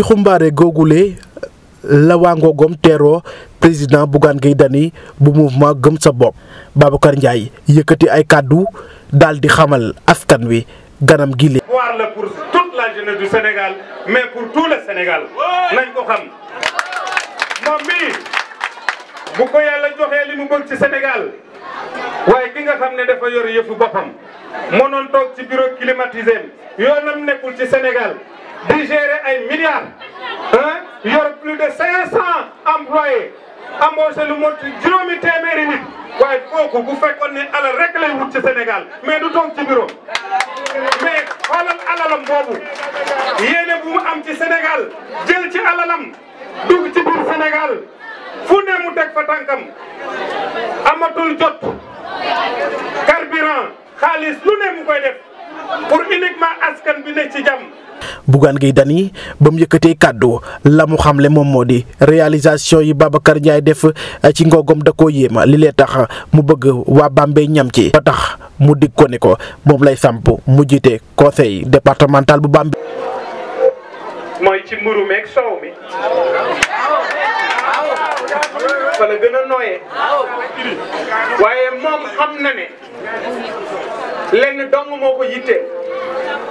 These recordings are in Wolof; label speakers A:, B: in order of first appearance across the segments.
A: ci xumbaare googule la teeroo président Bougane Gueye Dany bu mouvement gëm sa bopp Babacar Ndiaye yëkkati ay kàddu daal di xamal askan wi ganam gi leen.
B: voir la Sénégal mais pour tout Sénégal nañ ko xam moom mii bu ko yàlla joxee li mu bëgg ci Sénégal waaye ki nga xam ne dafa yor yëfu boppam mënoon toog ci bureau climatisé yoonam nekkul ci Sénégal. di gérer ay milliards ah yor plus de 500 employés embauché lu mot juróomi téeméeri nit waaye kooku bu fekkoon ne alal rek lay wut ci Sénégal mais du toog ci bureau mais xoolal alalam boobu yéene bu mu am ci Sénégal jël ci alalam dugg ci biir Sénégal fu ne mu teg fa tànkam amatul jot carburant xaalis lu ne mu koy def pour uniquement askan bi ne ci jàmm.
A: Bougane gi Dany ba mu yëkkatee kàddu la mu xamle moom moo di réalisation yi Babacar Ndiaye def eh, ci ngoogom da koo yéema li lee tax mu bëgg waa Bambey ñam ci ba tax mu dig ko ne ko moom lay samp mu jiite conseil départemental bu Bambey
C: mooy ci mburu meeg soow mi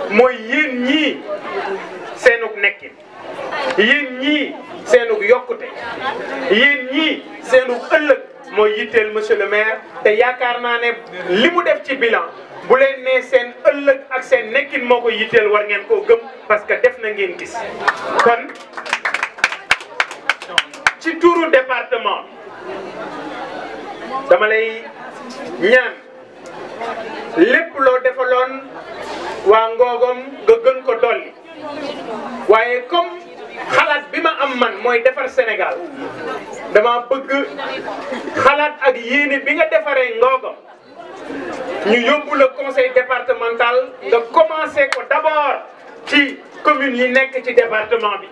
C: mooy yéen ñii seenug nekkin yéen ñii seenug yokkute yéen ñii seenug ëllëg mooy yitteel monsieur le maire te yaakaar naa ne li mu def ci bilan bu leen nee seen ëllëg ak seen nekkin moo ko yitteel war ngeen koo gëm parce que def na ngeen gis kon ci turu département dama lay ñaan lépp loo defaloon waa Ngogom nga gën ko dolli waaye comme xalaat bi ma am man mooy defar Sénégal dama bëgg xalaat ak yéene bi nga defaree Ngogom ñu yóbbu le conseil départemental nga commencé ko d'abord ci commune yi nekk ci département bi.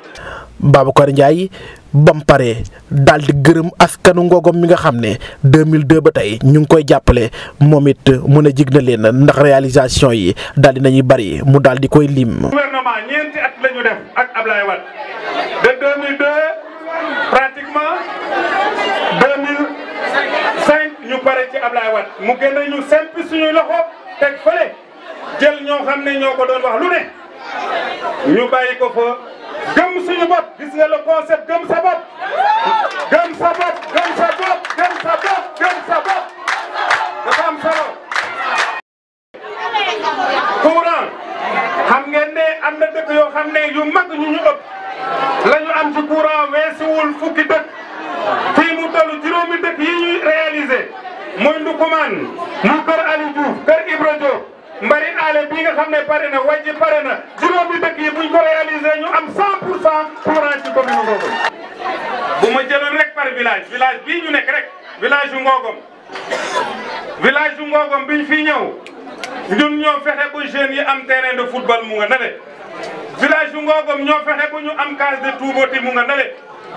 A: Babacar Ndiaye bam pare daal gërëm askanu Ngogom mi nga xam ne 2002 ba tey ñu ngi koy jàppale moom it mu ne jig na leen ndax réalisation yi daal di nañuy bari mu daldi koy
B: lim. gouvernement ñeenti at la ñu def ak Ablaye Wade de 2002 pratiquement 2005 ñu pare ci Ablaye Wade mu gën a ñu sempi suñuy loxo teg fële jël ñoo xam ne ñoo ko doon wax lu ne. ñu bàyyi ko fa gëm suñu bopp gis nga le concept gëm sa bopp gëm sa bopp gëm sa bopp gëm sa bopp gëm sa bopp dafa am solo courant xam ngeen ne am na dëkk yoo xam ne yu mag ñu ñu ëpp la am ci courant weesuwul fukki dëkk fii mu toll dëkk yi ñuy réaliser muy Ndoukoumane mu kër Aliou kër Ibra Diop ALM bii nga xam ne pare na wàññi pare na juróomi dëkk yi buñ ko réaliser ñu am 100 pour cent courant ci commune Ngogom. bu ma jëloon rek par village village bii ñu nekk rek village yu Ngogom village yu Ngogom biñ fi ñëw ñun ñoo fexe bu jeunes yi am terrain de football mu nga nale village yu Ngogom ñoo ñu am case de Touboti mu nga nale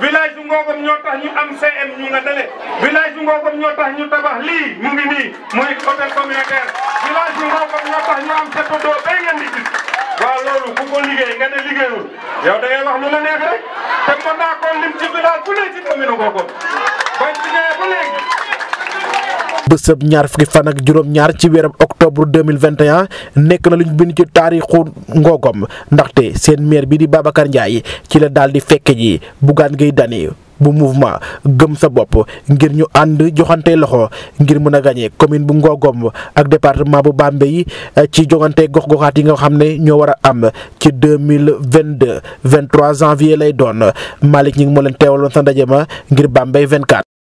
B: village bu Ngogom ñoo tax ñu am CM ñu nga dale village bu Ngogom ñoo tax ñu tabax lii mu ngi nii muy hôtel communautaire village bu Ngogom ñoo tax ñu am château bay ngeen di gis loolu ku ko liggéey nga ne liggéeyul yow da ngay wax lu la neex te mën koo lim ci village bu ne ci commune Ngogom
A: bésëb ñaar fukki fan ak juróom-ñaar ci weeram octobre 2021 nekk na luñ bind ci taarixu ngoogom ndaxte seen maire bi di Babacar Ndiaye ci la daal di fekke ji Bougane Gueye Dany bu mouvement gëm sa bopp ngir ñu ànd joxante loxo ngir mën a gagné commune bu Ngogom ak département bu Bambey eh, ci joŋante gox-goxaat yi nga xam ne ñoo war a am ci deux mille vingt deux vingt trois janvier lay doon Malick ñi ngi moo leen teewaloon sa ndaje ma ngir Bambey vingt quatre.